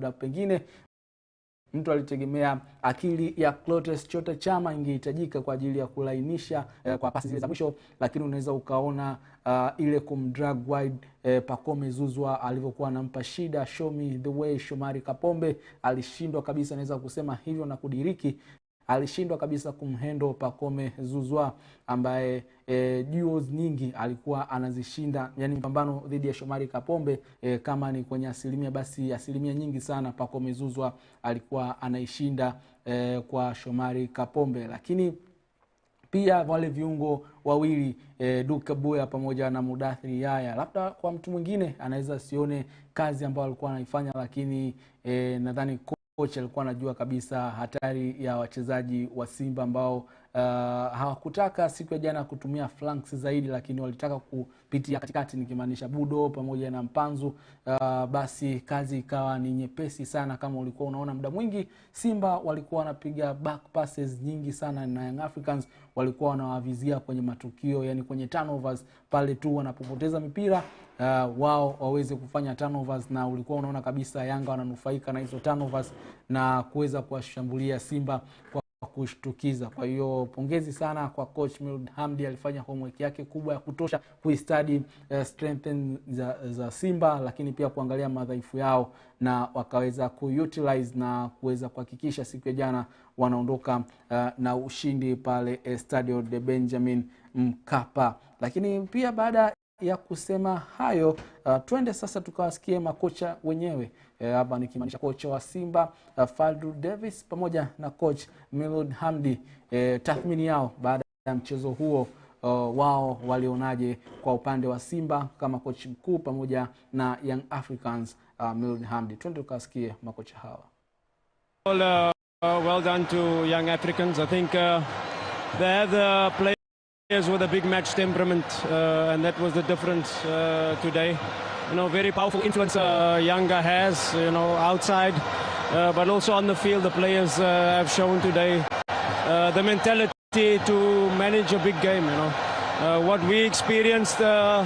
labda pengine mtu alitegemea akili ya Clotes Chota Chama ingehitajika kwa ajili ya kulainisha eh, kwa pasi zile za mwisho, lakini unaweza ukaona uh, ile kumdrag wide eh, Pacome Zuzwa alivyokuwa anampa shida. Show me the way Shomari Kapombe alishindwa kabisa, naweza kusema hivyo na kudiriki alishindwa kabisa kumhendo pakome Zuzwa ambaye e, eh, duos nyingi alikuwa anazishinda, yani mpambano dhidi ya Shomari Kapombe e, kama ni kwenye asilimia basi asilimia nyingi sana pakome Zuzwa alikuwa anaishinda e, kwa Shomari Kapombe, lakini pia wale viungo wawili e, Duke Buya pamoja na Mudathiri Yaya, labda kwa mtu mwingine anaweza sione kazi ambayo alikuwa anaifanya, lakini e, nadhani Kocha alikuwa anajua kabisa hatari ya wachezaji wa Simba ambao Eh, hawakutaka siku ya jana kutumia flanks zaidi, lakini walitaka kupitia katikati, nikimaanisha Budo pamoja na Mpanzu. Uh, basi kazi ikawa ni nyepesi sana. Kama ulikuwa unaona muda mwingi Simba walikuwa wanapiga back passes nyingi sana, na Young Africans walikuwa wanawavizia kwenye matukio, yani kwenye turnovers pale tu wanapopoteza mipira Uh, wao waweze kufanya turnovers na ulikuwa unaona kabisa Yanga wananufaika na hizo turnovers na kuweza kuwashambulia Simba kwa kushtukiza. Kwa hiyo pongezi sana kwa coach Mild Hamdi, alifanya homework yake kubwa ya kutosha kuistadi uh, eh, strength za, za Simba, lakini pia kuangalia madhaifu yao na wakaweza kuutilize na kuweza kuhakikisha siku ya jana wanaondoka uh, na ushindi pale uh, Stadio de Benjamin Mkapa. Lakini pia baada ya kusema hayo uh, twende sasa tukawasikie makocha wenyewe Eh, hapa e, nikimaanisha kocha wa Simba uh, eh, Fadlu Davis pamoja na coach Milud Hamdi e, tathmini yao baada ya mchezo huo. Uh, wao walionaje kwa upande wa Simba kama coach mkuu pamoja na Young Africans uh, Milud Hamdi, twende tukasikie makocha hawa. Well, uh, well done to Young Africans. I think uh, they have the players with a big match temperament uh, and that was the difference uh, today. you know, very powerful influence uh, Younger has, you know, outside, uh, but also on the field, the players uh, have shown today uh, the mentality to manage a big game, you know. Uh, what we experienced, uh,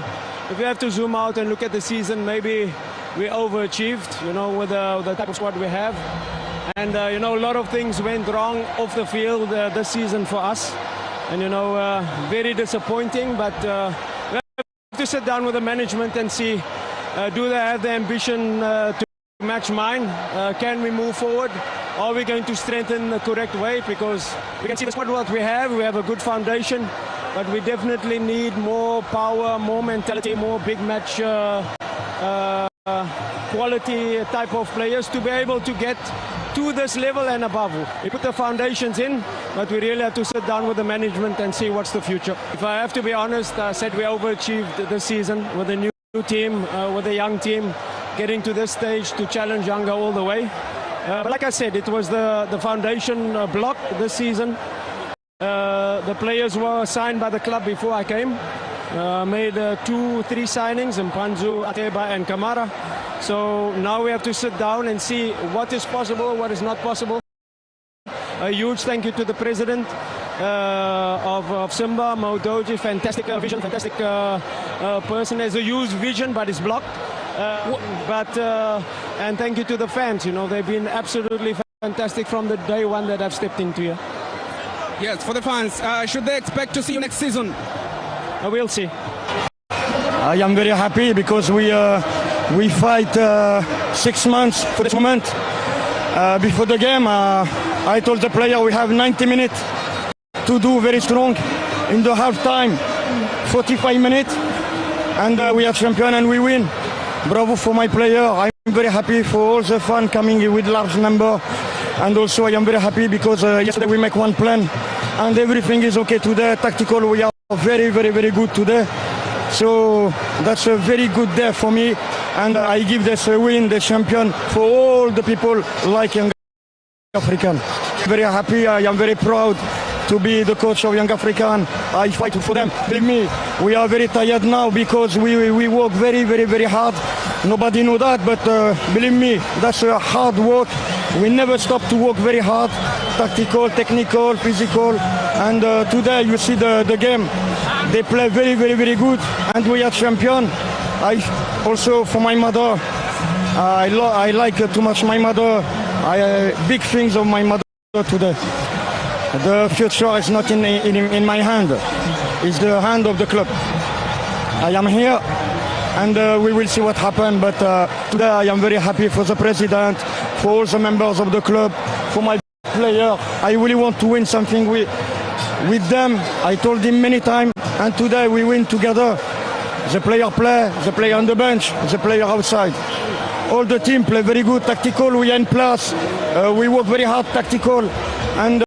if we have to zoom out and look at the season, maybe we overachieved, you know, with the type of squad we have. And, you know, a lot of things went wrong off the field this season for us. And, you know, very disappointing, but to sit down with the management and see uh, do they have the ambition uh, to match mine? Uh, can we move forward? Are we going to strengthen the correct way? Because we can see the squad what we have. We have a good foundation, but we definitely need more power, more mentality, more big match quality type of players to be able to get to this level and above. We put the foundations in, but we really have to sit down with the management and see what's the future. If I have to be honest, I said we overachieved this season with the new New team uh, with a young team getting to this stage to challenge Yanga all the way. Uh, but like I said, it was the, the foundation uh, block this season. Uh, the players were signed by the club before I came. Uh, made uh, two, three signings in Panzu, Ateba and Kamara. So now we have to sit down and see what is possible, what is not possible. A huge thank you to the president uh, of, of, Simba, Modoji, fantastic uh, vision, fantastic uh, uh, person, As a huge vision but it's blocked. Um, but, uh, and thank you to the fans, you know, they've been absolutely fantastic from the day one that I've stepped into here. Yes, for the fans, should they expect to see you next season? we'll see. I am very happy because we we fight six months for this moment. before the game, I told the player we have 90 minutes to do very strong in the half time, 45 minutes, and uh, we are champion and we win. Bravo for my player. I'm very happy for all the fans coming with large number, and also I am very happy because uh, yesterday we make one plan, and everything is okay today. Tactical, we are very, very, very good today. So that's a very good day for me, and I give this a win, the champion, for all the people like young African. Very happy. I am very proud to be the coach of Young African. I fight for them. Believe me, we are very tired now because we, we, we work very, very, very hard. Nobody knew that, but uh, believe me, that's a hard work. We never stop to work very hard, tactical, technical, physical. And uh, today you see the, the game. They play very, very, very good, and we are champion. I also for my mother. I, I like uh, too much my mother. I uh, big things of my mother today. The future is not in, in, in my hand. It's the hand of the club. I am here and uh, we will see what happens. But uh, today I am very happy for the president, for all the members of the club, for my player. I really want to win something with, with them. I told him many times, and today we win together. The player play, the player on the bench, the player outside. All the team play very good tactical. We are in place. Uh, we work very hard tactical, and uh,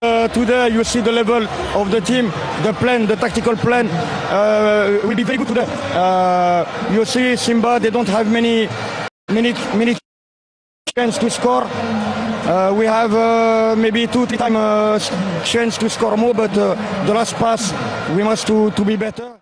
Uh, today you see the level of the team, the plan, the tactical plan uh, will be very good today. Uh, you see Simba, they don't have many many many chance to score. Uh, we have uh, maybe two three time uh, chance to score more, but the last pass we must to, to be better.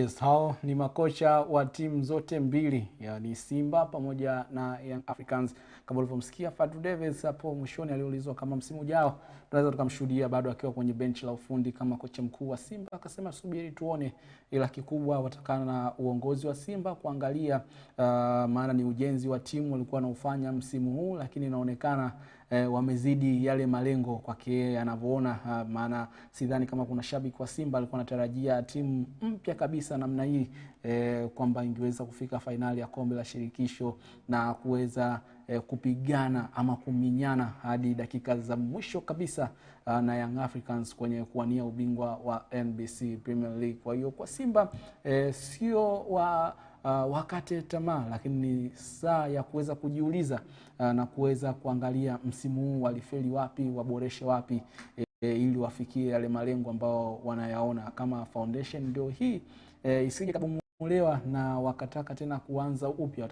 Yes, hao ni makocha wa timu zote mbili, yani Simba pamoja na Young Africans kama ulivyomsikia Fadlu Davis hapo mwishoni aliulizwa kama msimu ujao tunaweza tukamshuhudia bado akiwa kwenye benchi la ufundi kama kocha mkuu wa Simba, akasema subiri tuone, ila kikubwa watakana na uongozi wa Simba kuangalia uh, maana ni ujenzi wa timu walikuwa wanaofanya msimu huu, lakini inaonekana e, wamezidi yale malengo kwake yeye anavyoona. Ah, maana sidhani kama kuna shabiki wa Simba alikuwa anatarajia timu mpya kabisa namna hii e, kwamba ingeweza kufika fainali ya kombe la shirikisho na kuweza e, kupigana ama kuminyana hadi dakika za mwisho kabisa uh, na Young Africans kwenye kuwania ubingwa wa NBC Premier League. Kwa hiyo kwa Simba e, sio wa uh, wakate tamaa, lakini ni saa ya kuweza kujiuliza uh, na kuweza kuangalia msimu huu walifeli wapi, waboreshe wapi e, e, ili wafikie yale malengo ambao wanayaona kama foundation ndio hii e, isije kabomolewa na wakataka tena kuanza upya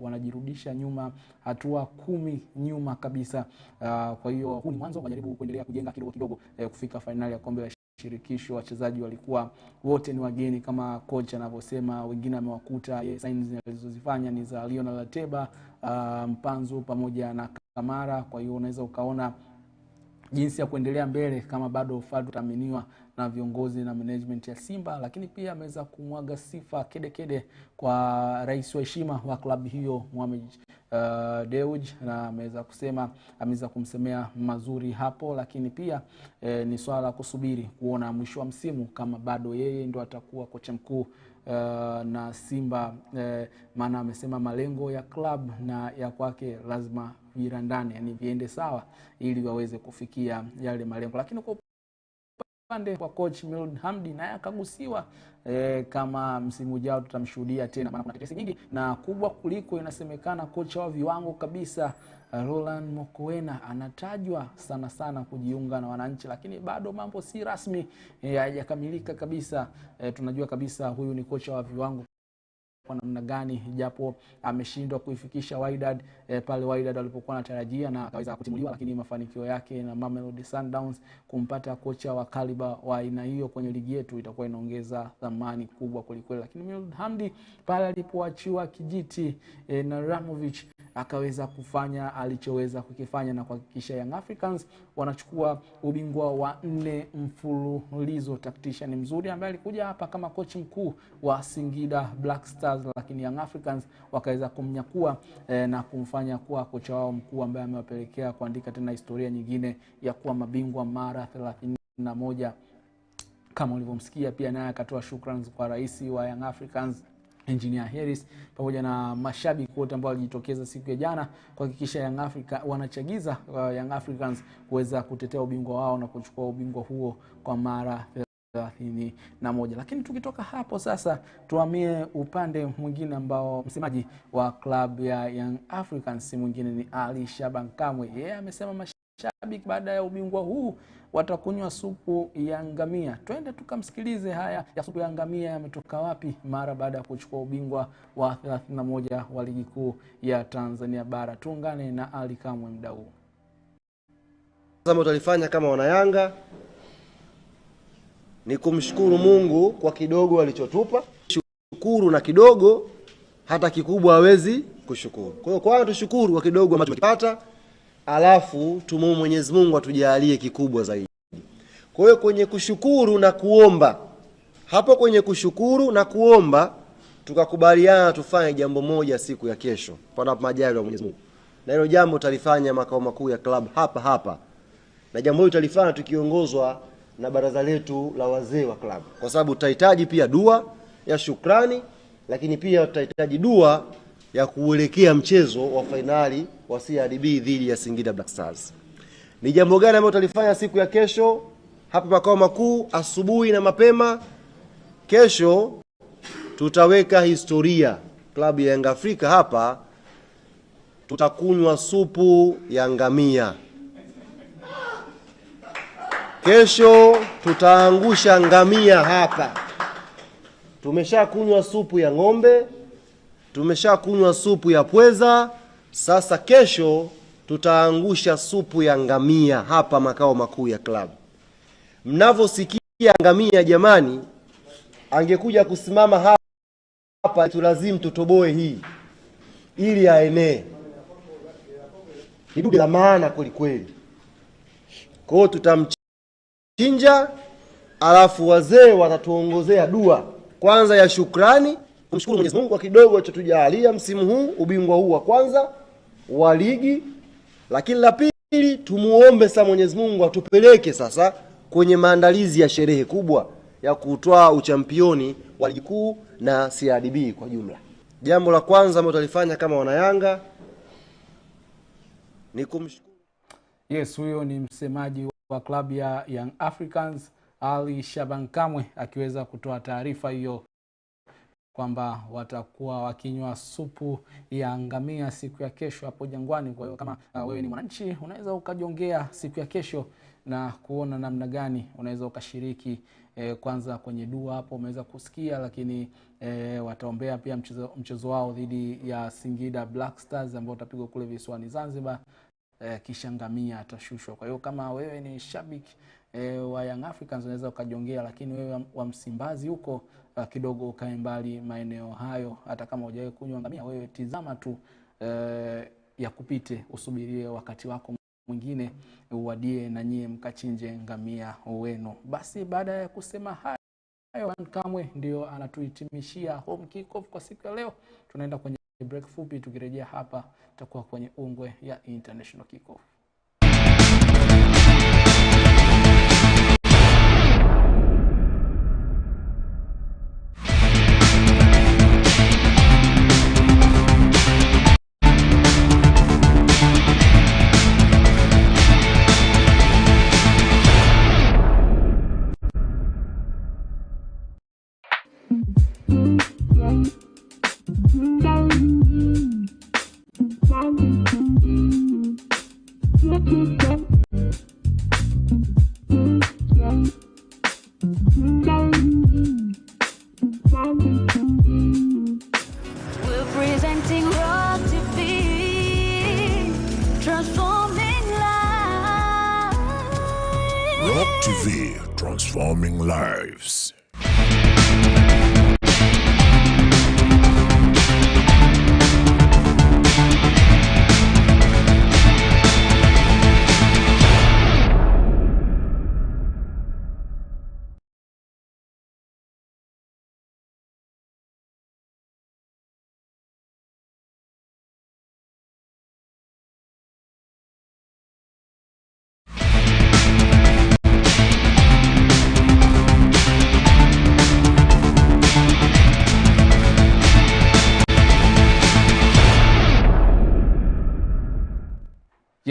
wanajirudisha nyuma hatua kumi nyuma kabisa. Uh, kwa hiyo huu ni mwanzo, wajaribu kuendelea kujenga kidogo kidogo, eh, kufika fainali ya kombe la shirikisho wachezaji walikuwa wote ni wageni, kama kocha anavyosema, wengine amewakuta eh, saini alizozifanya ni za Lionel Ateba, uh, Mpanzu pamoja na Kamara. Kwa hiyo unaweza ukaona jinsi ya kuendelea mbele kama bado Fadlu ataaminiwa na viongozi na management ya Simba, lakini pia ameweza kumwaga sifa kedekede kede kwa rais wa heshima wa klabu hiyo Mohamed uh, Dewji, na ameweza kusema ameweza kumsemea mazuri hapo, lakini pia eh, ni swala la kusubiri kuona mwisho wa msimu kama bado yeye ndo atakuwa kocha mkuu Uh, na Simba uh, maana amesema malengo ya klabu na ya kwake lazima virandane, yani viende sawa, ili waweze kufikia yale malengo, lakini kwa upande wa coach Miloud Hamdi naye akagusiwa e, kama msimu ujao tutamshuhudia tena, maana kuna tetesi nyingi na kubwa kuliko inasemekana. Kocha wa viwango kabisa Roland Mokoena anatajwa sana sana kujiunga na wananchi, lakini bado mambo si rasmi, e, hayajakamilika e, kabisa. E, tunajua kabisa huyu ni kocha wa viwango kwa namna gani, japo ameshindwa kuifikisha Wydad eh, pale Wydad alipokuwa anatarajia na akaweza kutimuliwa, lakini mafanikio yake na Mamelodi Sundowns kumpata kocha wa kaliba wa aina hiyo kwenye ligi yetu itakuwa inaongeza thamani kubwa kwelikweli. Lakini Miloud Hamdi pale alipoachiwa kijiti eh, na Ramovic akaweza kufanya alichoweza kukifanya na kuhakikisha Young Africans wanachukua ubingwa wa nne mfululizo. taktishani ni mzuri ambaye alikuja hapa kama kochi mkuu wa Singida Black Stars, lakini Young Africans wakaweza kumnyakua eh, na kumfanya kuwa kocha wao mkuu ambaye amewapelekea kuandika tena historia nyingine ya kuwa mabingwa mara moja kama ulivyomsikia pia naye akatoa shukrani kwa rais wa Young Africans Engineer Harris pamoja na mashabiki wote ambao walijitokeza siku ya jana kuhakikisha Young Africa wanachagiza uh, Young Africans kuweza kutetea ubingwa wao na kuchukua ubingwa huo kwa mara thelathini na moja. Lakini tukitoka hapo sasa, tuhamie upande mwingine ambao msemaji wa klabu ya Young Africans si mwingine ni Ali Shaban Kamwe, yeye yeah, amesema Shabiki baada ya ubingwa huu watakunywa supu ya ngamia. Twende tukamsikilize haya ya supu ya ngamia yametoka wapi mara baada ya kuchukua ubingwa wa 31 wa ligi kuu ya Tanzania bara. Tuungane na Ali Kamwe mda huu. Kama utalifanya kama wanayanga ni kumshukuru Mungu kwa kidogo alichotupa. Shukuru na kidogo hata kikubwa hawezi kushukuru. Kwa hiyo kwanza tushukuru kwa kidogo ambacho tumepata alafu tumuombe Mwenyezi Mungu atujalie kikubwa zaidi. Kwa hiyo kwenye kushukuru na kuomba, hapo kwenye kushukuru na kuomba tukakubaliana tufanye jambo moja siku ya kesho, panapo majaliwa ya Mwenyezi Mungu, na hilo jambo utalifanya makao makuu ya klabu hapa hapa, na jambo hilo utalifanya tukiongozwa na baraza letu la wazee wa klabu, kwa sababu tutahitaji pia dua ya shukrani, lakini pia tutahitaji dua ya kuelekea mchezo wa fainali wasiharibii dhidi ya Singida Black Stars. Ni jambo gani ambalo utalifanya siku ya kesho hapa makao makuu asubuhi na mapema? Kesho tutaweka historia, klabu ya Yanga Afrika hapa tutakunywa supu ya ngamia. Kesho tutaangusha ngamia hapa. Tumeshakunywa supu ya ng'ombe, tumeshakunywa supu ya pweza. Sasa kesho tutaangusha supu ya ngamia hapa makao makuu ya klabu. Mnavyosikia ngamia, jamani, angekuja kusimama hapa hapa, tulazimu tutoboe hii ili aenee. Ni dudu la maana kweli kweli. Kwa hiyo tutamchinja, alafu wazee watatuongozea dua kwanza ya shukrani, kumshukuru Mwenyezi Mungu kwa kidogo chotujaalia msimu huu, ubingwa huu wa kwanza wa ligi, lakini la pili tumuombe sasa Mwenyezi Mungu atupeleke sasa kwenye maandalizi ya sherehe kubwa ya kutoa uchampioni wa ligi kuu na CRDB kwa jumla. Jambo la kwanza ambalo tulifanya kama wanayanga ni kumshukuru. Yes, huyo ni msemaji wa klabu ya Young Africans Ali Shaban Kamwe akiweza kutoa taarifa hiyo kwamba watakuwa wakinywa supu ya ngamia siku ya kesho hapo jangwani. Kwa hiyo kama uh, wewe ni mwananchi unaweza ukajongea siku ya kesho na kuona namna gani unaweza ukashiriki. E, kwanza kwenye dua hapo umeweza kusikia, lakini e, wataombea pia mchezo, mchezo wao dhidi ya Singida Black Stars ambao utapigwa kule visiwani Zanzibar. E, kisha ngamia atashushwa. Kwa hiyo kama wewe ni shabiki e, wa Young Africans unaweza ukajongea, lakini wewe wa Msimbazi huko uh, kidogo ukae mbali maeneo hayo. Hata kama hujawahi kunywa ngamia, wewe tizama tu uh, ya kupite, usubirie wakati wako mwingine uwadie, na nyie mkachinje ngamia wenu. Basi baada ya kusema hayo, Kamwe ndio anatuhitimishia home kickoff kwa siku ya leo. Tunaenda kwenye break fupi, tukirejea hapa tutakuwa kwenye ungwe ya international kickoff.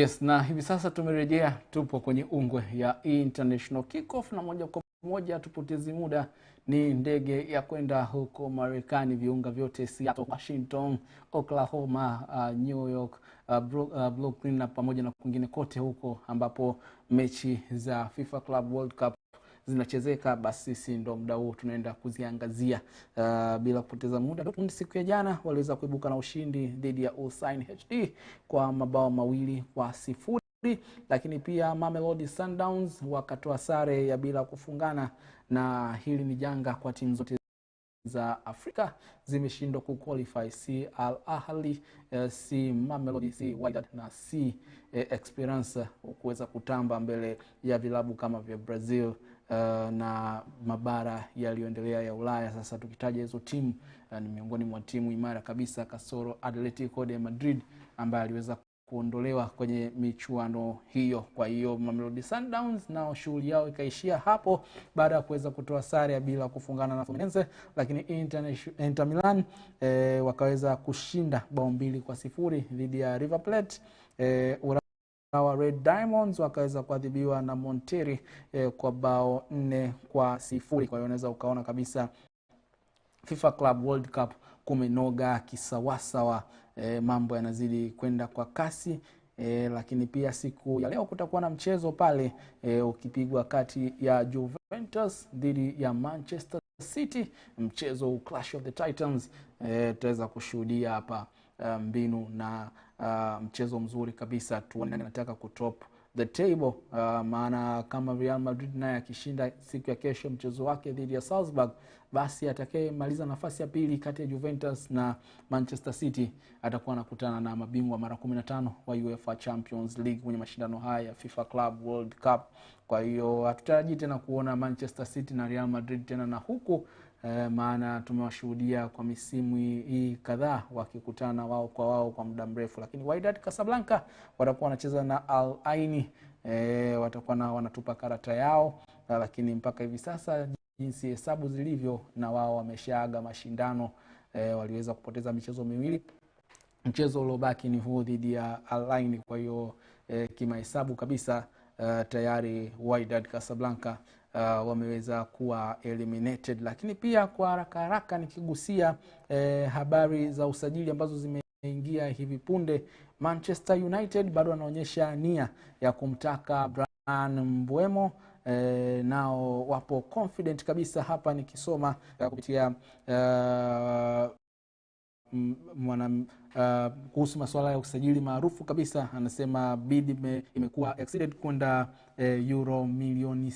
Yes, na hivi sasa tumerejea, tupo kwenye ungwe ya international kickoff, na moja kwa moja tupotezi muda, ni ndege ya kwenda huko Marekani, viunga vyote Seattle, Washington, Oklahoma, uh, New York, uh, Bro, uh, Brooklyn na pamoja na kwingine kote huko ambapo mechi za FIFA Club World Cup zinachezeka, basi sisi ndo muda huo tunaenda kuziangazia. Uh, bila kupoteza muda, Dortmund siku ya jana waliweza kuibuka na ushindi dhidi ya Usain HD kwa mabao mawili kwa sifuri lakini pia Mamelodi Sundowns wakatoa sare ya bila kufungana, na hili ni janga kwa timu zote za Afrika zimeshindwa qualify si Al Ahli si eh, Mamelodi si Wydad na si eh, Esperance kuweza kutamba mbele ya vilabu kama vya Brazil uh, na mabara yaliyoendelea ya Ulaya. Sasa tukitaja hizo timu uh, eh, ni miongoni mwa timu imara kabisa, kasoro Atletico de Madrid ambaye aliweza kuondolewa kwenye michuano hiyo. Kwa hiyo Mamelodi Sundowns nao shughuli yao ikaishia hapo baada ya kuweza kutoa sare bila kufungana na Fluminense, lakini Inter, Inter Milan eh, wakaweza kushinda bao mbili kwa sifuri dhidi ya River Plate eh, wa Red Diamonds wakaweza kuadhibiwa na Monteri eh, kwa bao nne kwa sifuri. Kwa hiyo unaweza ukaona kabisa FIFA Club World Cup kumenoga kisawasawa, eh, mambo yanazidi kwenda kwa kasi. E, lakini pia siku ya leo kutakuwa na mchezo pale e, ukipigwa kati ya Juventus dhidi ya Manchester City, mchezo Clash of the Titans e, tutaweza kushuhudia hapa. Eh, mbinu na uh, mchezo mzuri kabisa, tuone anataka kutop the table uh, maana kama Real Madrid naye akishinda siku ya kesho mchezo wake dhidi ya Salzburg, basi atakayemaliza nafasi ya pili kati ya Juventus na Manchester City atakuwa anakutana na mabingwa mara 15 wa UEFA Champions League kwenye mashindano haya ya FIFA Club World Cup. Kwa hiyo hatutarajii tena kuona Manchester City na Real Madrid tena, na huku e, maana tumewashuhudia kwa misimu hii kadhaa wakikutana wao kwa wao kwa muda mrefu, lakini Wydad Casablanca watakuwa wanacheza na Al Aini e, watakuwa na wanatupa karata yao, lakini mpaka hivi sasa jinsi hesabu zilivyo, na wao wameshaaga mashindano e, waliweza kupoteza michezo miwili mchezo uliobaki ni huu dhidi ya alaini Kwa hiyo e, kimahesabu kabisa e, tayari Wydad Casablanca uh, wameweza kuwa eliminated. Lakini pia kwa haraka haraka nikigusia eh, habari za usajili ambazo zimeingia hivi punde, Manchester United bado wanaonyesha nia ya kumtaka bran mbwemo E, eh, nao wapo confident kabisa hapa nikisoma eh, kupitia uh, uh, kuhusu masuala ya usajili maarufu kabisa, anasema bid imekuwa exceeded kwenda uh, euro milioni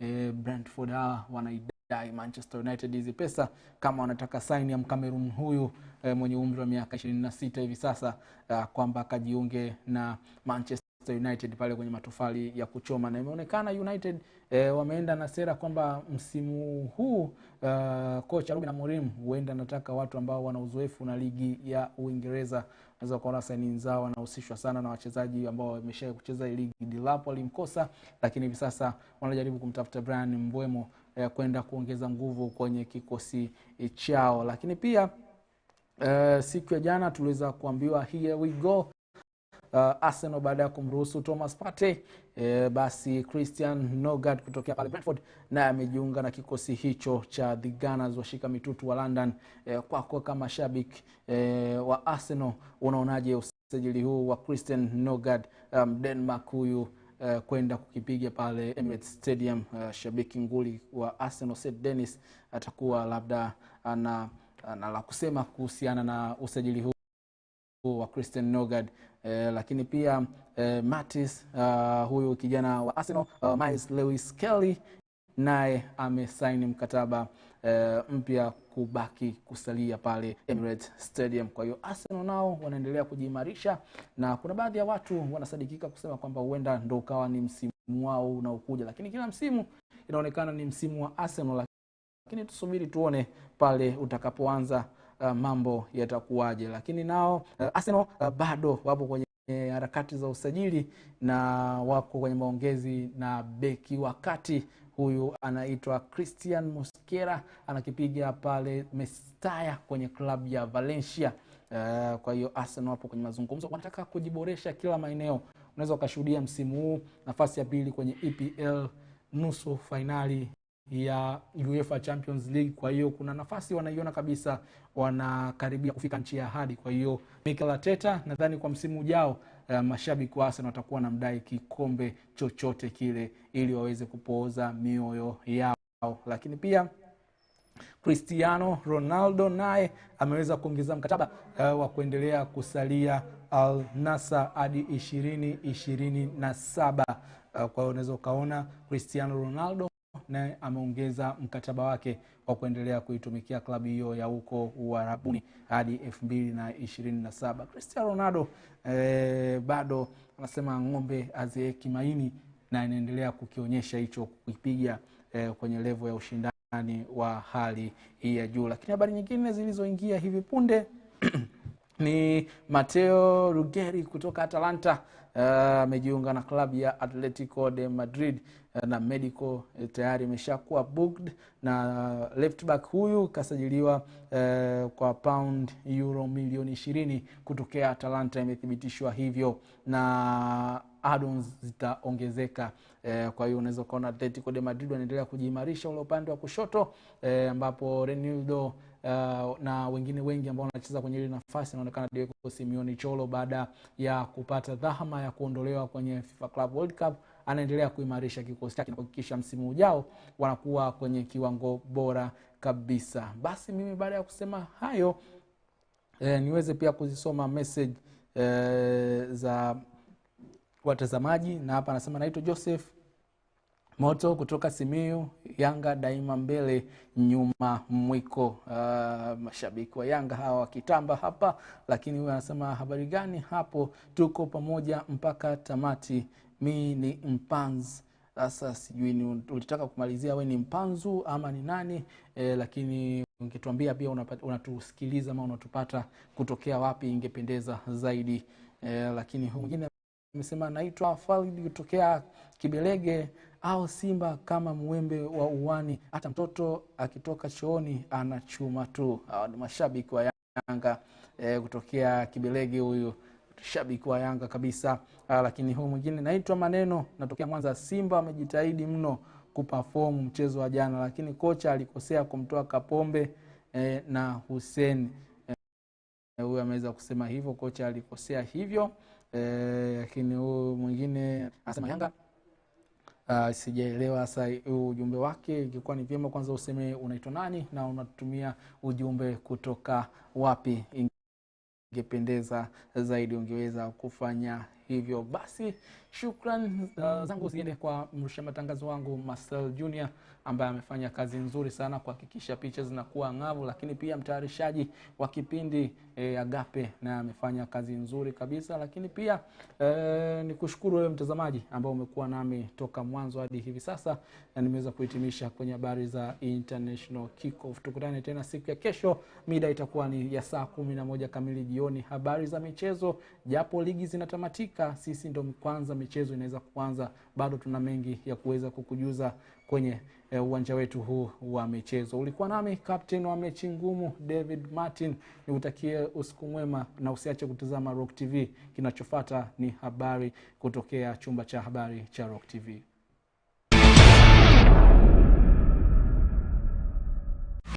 eh, Brentford hawa ah, wanaidai Manchester United hizi pesa kama wanataka saini ya Mkamerun huyu eh, mwenye umri wa miaka 26 hivi sasa ah, kwamba akajiunge na Manchester United pale kwenye matofali ya kuchoma na imeonekana United e, wameenda na sera kwamba msimu huu uh, kocha Ruben Amorim huenda anataka watu ambao wana uzoefu na ligi ya Uingereza. Naweza kuona saini zao wanahusishwa sana na wachezaji ambao wamesha kucheza ligi. Dilapo alimkosa, lakini hivi sasa wanajaribu kumtafuta Brian Mbwemo e, kwenda kuongeza nguvu kwenye kikosi chao, lakini pia Uh, siku ya jana tuliweza kuambiwa here we go uh, Arsenal baada ya kumruhusu Thomas Partey e, basi Christian Nogard kutokea pale Brentford naye amejiunga na kikosi hicho cha The Gunners washika mitutu wa London. E, kwako kama shabiki e, wa Arsenal unaonaje usajili huu wa Christian Nogard um, Denmark huyu Uh, kwenda kukipiga pale Emirates Stadium. Uh, shabiki nguli wa Arsenal St Dennis atakuwa labda ana, ana la kusema kuhusiana na usajili huu wa Christian Nogard eh, lakini pia eh, Matis uh, eh, huyu kijana wa Arsenal uh, Miles Lewis Kelly naye amesaini mkataba eh, mpya kubaki kusalia pale Emirates Stadium. Kwa hiyo Arsenal nao wanaendelea kujiimarisha, na kuna baadhi ya watu wanasadikika kusema kwamba huenda ndo ukawa ni msimu wao unaokuja, lakini kila msimu inaonekana ni msimu wa Arsenal, lakini tusubiri tuone pale utakapoanza uh, mambo yatakuwaje, lakini nao uh, Arsenal uh, bado wapo kwenye harakati za usajili na wako kwenye maongezi na beki wakati huyu anaitwa Christian moskera anakipiga pale mestaya kwenye klabu ya Valencia. Uh, kwa hiyo Arsenal wapo kwenye mazungumzo, wanataka kujiboresha kila maeneo. Unaweza ukashuhudia msimu huu nafasi ya pili kwenye EPL nusu fainali ya UEFA Champions League. Kwa hiyo kuna nafasi wanaiona kabisa, wanakaribia kufika nchi ya ahadi. Kwa hiyo Mikel Arteta nadhani kwa msimu ujao Uh, mashabiki wa Arsenal watakuwa na mdai kikombe chochote kile ili waweze kupooza mioyo yao, lakini pia Cristiano Ronaldo naye ameweza kuongeza mkataba uh, wa kuendelea kusalia Al Nassr hadi ishirini ishirini na saba. Uh, kwa hiyo unaweza ukaona Cristiano Ronaldo naye ameongeza mkataba wake wa kuendelea kuitumikia klabu hiyo ya huko Uarabuni hadi elfu mbili na ishirini na saba. Cristiano Ronaldo eh, bado anasema ng'ombe azieki maini na inaendelea kukionyesha hicho kukipiga eh, kwenye levo ya ushindani wa hali hii ya juu. Lakini habari nyingine zilizoingia hivi punde ni Mateo Rugeri kutoka Atalanta Eh, amejiunga uh, na klabu ya Atletico de Madrid eh, na Medical eh, tayari imeshakuwa booked na leftback huyu kasajiliwa uh, kwa pound euro milioni ishirini kutokea Atalanta, imethibitishwa hivyo na addons zitaongezeka. Eh, kwa hiyo unaweza ukaona Atletico de Madrid wanaendelea kujiimarisha ule upande wa kushoto ambapo Renildo uh, na wengine wengi ambao wanacheza kwenye ile nafasi inaonekana Diego Simeone Cholo baada ya kupata dhahama ya kuondolewa kwenye FIFA Club World Cup anaendelea kuimarisha kikosi chake na kuhakikisha msimu ujao wanakuwa kwenye kiwango bora kabisa. Basi mimi baada ya kusema hayo eh, niweze pia kuzisoma message eh, za watazamaji na hapa anasema naitwa Joseph Moto kutoka Simiyu, Yanga daima mbele, nyuma mwiko. Uh, mashabiki wa Yanga hawa wakitamba hapa, lakini huyo anasema habari gani hapo, tuko pamoja mpaka tamati. Mi ni mpanzi sasa, sijui ni ulitaka kumalizia we ni mpanzu ama ni nani e, lakini ungetuambia pia unatusikiliza ama unatupata kutokea wapi, ingependeza zaidi e, lakini mwingine amesema naitwa Falid kutokea Kibelege au simba kama mwembe wa uwani, hata mtoto akitoka chooni anachuma tu. Hawa ni mashabiki wa Yanga e, kutokea Kibelege huyu shabiki wa Yanga kabisa. Aa, ah, lakini huu mwingine naitwa Maneno, natokea Mwanza. Simba amejitahidi mno kupafomu mchezo wa jana, lakini kocha alikosea kumtoa Kapombe e, na Hussein eh, huyu e, ameweza kusema hivyo, kocha alikosea hivyo lakini e, huu mwingine anasema Yanga Uh, sijaelewa hasa ujumbe wake. Ingekuwa ni vyema kwanza useme unaitwa nani na unatumia ujumbe kutoka wapi. Ingependeza zaidi ungeweza kufanya Hivyo basi shukran uh, zangu ziende kwa mrusha matangazo wangu Marcel Junior ambaye amefanya kazi nzuri sana kuhakikisha picha zinakuwa ng'avu, lakini pia mtayarishaji wa kipindi e, Agape naye amefanya kazi nzuri kabisa, lakini pia e, ni kushukuru wewe mtazamaji ambao umekuwa nami toka mwanzo hadi hivi sasa, na nimeweza kuhitimisha kwenye habari za international kickoff. Tukutane tena siku ya kesho, mida itakuwa ni ya saa kumi na moja kamili jioni, habari za michezo, japo ligi zinatamatika hata sisi ndo kwanza michezo inaweza kuanza, bado tuna mengi ya kuweza kukujuza kwenye eh, uwanja wetu huu wa michezo. Ulikuwa nami captain wa mechi ngumu David Martin, nikutakie usiku mwema na usiache kutazama Rock TV. Kinachofata ni habari kutokea chumba cha habari cha Rock TV.